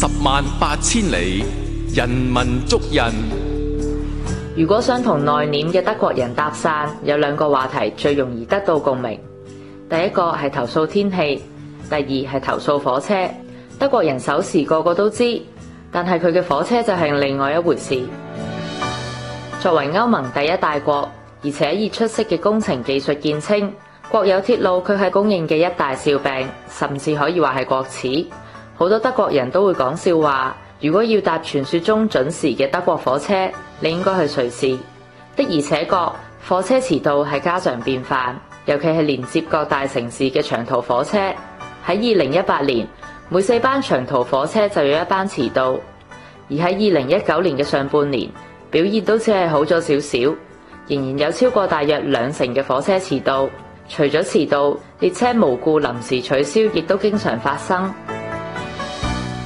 十萬八千里，人文足印。如果想同內斂嘅德國人搭訕，有兩個話題最容易得到共鳴。第一個係投訴天氣，第二係投訴火車。德國人守時個個都知，但係佢嘅火車就係另外一回事。作為歐盟第一大國，而且以出色嘅工程技術見稱，國有鐵路佢係公認嘅一大笑柄，甚至可以話係國恥。好多德國人都會講笑話，如果要搭傳說中準時嘅德國火車，你應該去瑞士。的而且確，火車遲到係家常便飯，尤其係連接各大城市嘅長途火車。喺二零一八年，每四班長途火車就有一班遲到，而喺二零一九年嘅上半年，表現都只係好咗少少，仍然有超過大約兩成嘅火車遲到。除咗遲到，列車無故臨時取消亦都經常發生。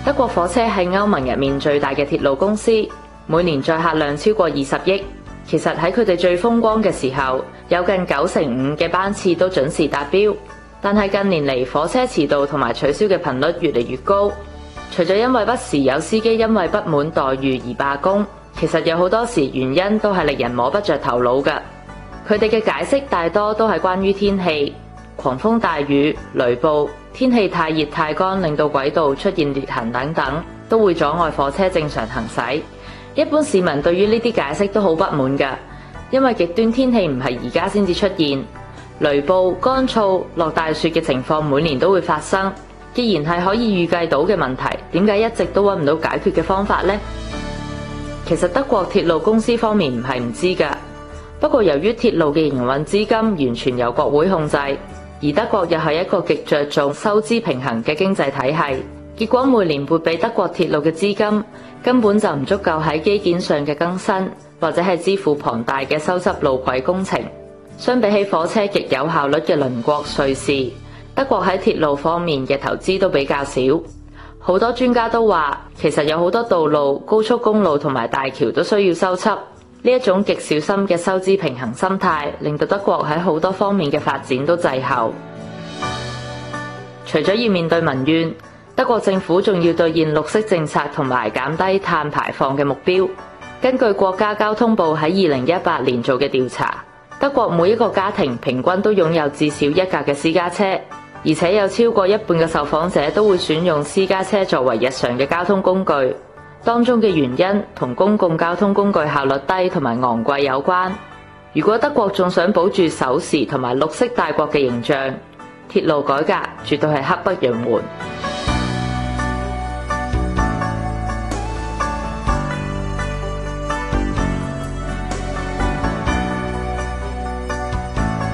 德國火車係歐盟入面最大嘅鐵路公司，每年載客量超過二十億。其實喺佢哋最風光嘅時候，有近九成五嘅班次都準時達標。但係近年嚟，火車遲到同埋取消嘅頻率越嚟越高。除咗因為不時有司機因為不滿待遇而罷工，其實有好多時原因都係令人摸不着頭腦㗎。佢哋嘅解釋大多都係關於天氣。狂風大雨、雷暴、天氣太熱太乾，令到軌道出現裂痕等等，都會阻礙火車正常行駛。一般市民對於呢啲解釋都好不滿噶，因為極端天氣唔係而家先至出現，雷暴、乾燥、落大雪嘅情況每年都會發生。既然係可以預計到嘅問題，點解一直都揾唔到解決嘅方法呢？其實德國鐵路公司方面唔係唔知噶，不過由於鐵路嘅營運資金完全由國會控制。而德國又係一個極着重收支平衡嘅經濟體系，結果每年撥俾德國鐵路嘅資金根本就唔足夠喺基建上嘅更新，或者係支付龐大嘅修葺路軌工程。相比起火車極有效率嘅鄰國瑞士，德國喺鐵路方面嘅投資都比較少。好多專家都話，其實有好多道路、高速公路同埋大橋都需要修葺。呢一種極小心嘅收支平衡心態，令到德國喺好多方面嘅發展都滯後。除咗要面對民怨，德國政府仲要兌現綠色政策同埋減低碳排放嘅目標。根據國家交通部喺二零一八年做嘅調查，德國每一個家庭平均都擁有至少一架嘅私家車，而且有超過一半嘅受訪者都會選用私家車作為日常嘅交通工具。當中嘅原因同公共交通工具效率低同埋昂貴有關。如果德國仲想保住守時同埋綠色大國嘅形象，鐵路改革絕對係刻不容緩。